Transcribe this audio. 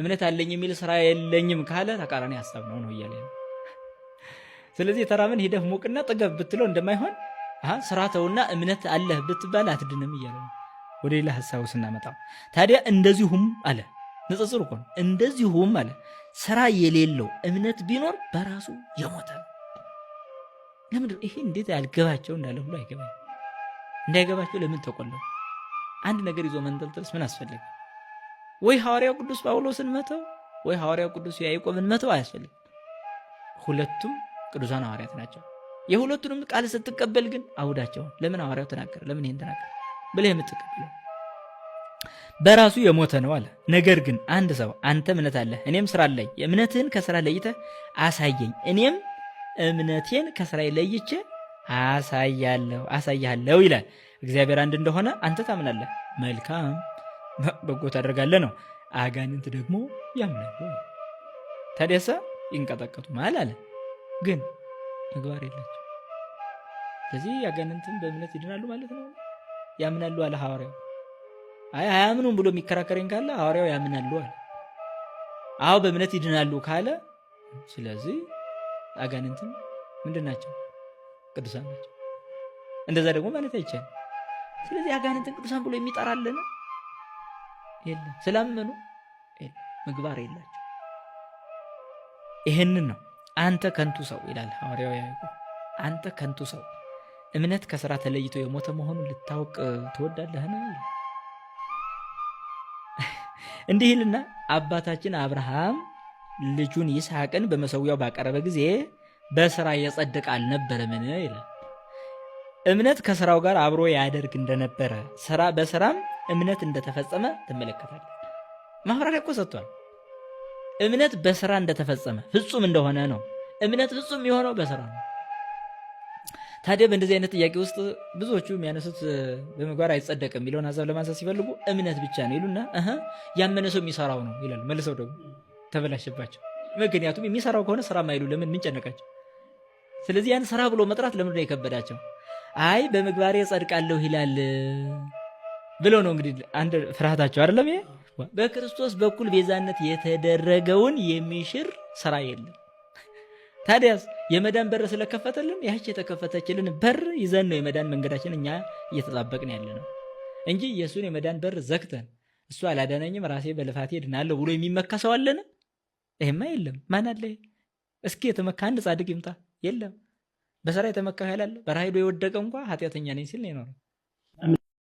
እምነት አለኝ የሚል ስራ የለኝም ካለ ተቃራኒ ሀሳብ ነው ነው እያለ ስለዚህ የተራበን ሂደህ ሞቅና ጥገብ ብትለው እንደማይሆን ስራ ተውና እምነት አለህ ብትባል አትድንም እያለ ወደ ሌላ ሀሳቡ ስናመጣ ታዲያ እንደዚሁም አለ ንጽጽር እኮ ነው። እንደዚሁም አለ ስራ የሌለው እምነት ቢኖር በራሱ የሞተ ነው። ለምንድን ይሄ እንዴት ያልገባቸው እንዳለ ሁሉ አይገባ እንዳይገባቸው ለምን ተቆለው አንድ ነገር ይዞ መንጠልጠልስ ምን አስፈለገ? ወይ ሐዋርያው ቅዱስ ጳውሎስን መተው ወይ ሐዋርያው ቅዱስ ያዕቆብን መተው አያስፈልግም። ሁለቱም ቅዱሳን ሐዋርያት ናቸው። የሁለቱንም ቃል ስትቀበል ግን አውዳቸውን ለምን ሐዋርያው ተናገረ ለምን ይህን ተናገረ ብለህ የምትቀበለው በራሱ የሞተ ነው አለ። ነገር ግን አንድ ሰው አንተ እምነት አለህ እኔም ስራ አለኝ፣ እምነትህን ከስራ ለይተህ አሳየኝ፣ እኔም እምነቴን ከስራ ለይቼ አሳያለሁ አሳያለሁ ይላል። እግዚአብሔር አንድ እንደሆነ አንተ ታምናለህ። መልካም በጎ ታደርጋለ ነው። አጋንንት ደግሞ ያምናሉ። ይንቀጠቀጡ ማል አለ። ግን ምግባር የላቸው። ስለዚህ አጋንንትን በእምነት ይድናሉ ማለት ነው። ያምናሉ አለ ሐዋርያው። አይ አያምኑም ብሎ የሚከራከረኝ ካለ ሐዋርያው ያምናሉ አለ። አዎ በእምነት ይድናሉ ካለ ስለዚህ አጋንንትን ምንድን ናቸው? ቅዱሳን ናቸው። እንደዛ ደግሞ ማለት አይቻል ስለዚህ አጋንንትን ቅዱሳን ብሎ የሚጠራለን የለም። ስላመኑ ምግባር የላቸው። ይህንን ነው አንተ ከንቱ ሰው ይላል ሐዋርያው ያዕቆብ። አንተ ከንቱ ሰው እምነት ከስራ ተለይቶ የሞተ መሆኑን ልታውቅ ትወዳለህን? እንዲህ ይልና አባታችን አብርሃም ልጁን ይስሐቅን በመሰዊያው ባቀረበ ጊዜ በስራ የጸደቀ አልነበረምን? ይላል እምነት ከስራው ጋር አብሮ ያደርግ እንደነበረ ስራ በስራም እምነት እንደተፈጸመ ትመለከታለህ። ማብራሪያ እኮ ሰጥቷል። እምነት በስራ እንደተፈጸመ ፍጹም እንደሆነ ነው። እምነት ፍጹም የሆነው በስራ ነው። ታዲያ በእንደዚህ አይነት ጥያቄ ውስጥ ብዙዎቹ የሚያነሱት በምግባር አይጸደቅም የሚለውን ሀሳብ ለማንሳት ሲፈልጉ እምነት ብቻ ነው ይሉና ያመነ ሰው የሚሰራው ነው ይላል። መልሰው ደግሞ ተበላሸባቸው። ምክንያቱም የሚሰራው ከሆነ ስራ ማይሉ ለምን ምንጨነቃቸው? ጨነቃቸው? ስለዚህ ያን ስራ ብሎ መጥራት ለምንድን ነው የከበዳቸው? አይ በምግባሬ ጸድቃለሁ ይላል ብሎ ነው እንግዲህ አንድ ፍርሃታቸው አይደለም። ይሄ በክርስቶስ በኩል ቤዛነት የተደረገውን የሚሽር ስራ የለም። ታዲያስ የመዳን በር ስለከፈተልን ያች የተከፈተችልን በር ይዘን ነው የመዳን መንገዳችን እኛ እየተጣበቅን ያለ ነው እንጂ የእሱን የመዳን በር ዘግተን እሱ አላዳነኝም ራሴ በልፋት ድናለሁ ብሎ የሚመካ ሰው አለን? ይሄማ የለም። ማን አለ? እስኪ የተመካ አንድ ጻድቅ ይምጣ። የለም። በስራ የተመካ ኃይል አለ። በራሄዶ የወደቀ እንኳ ኃጢአተኛ ነኝ ሲል ነው የኖረው።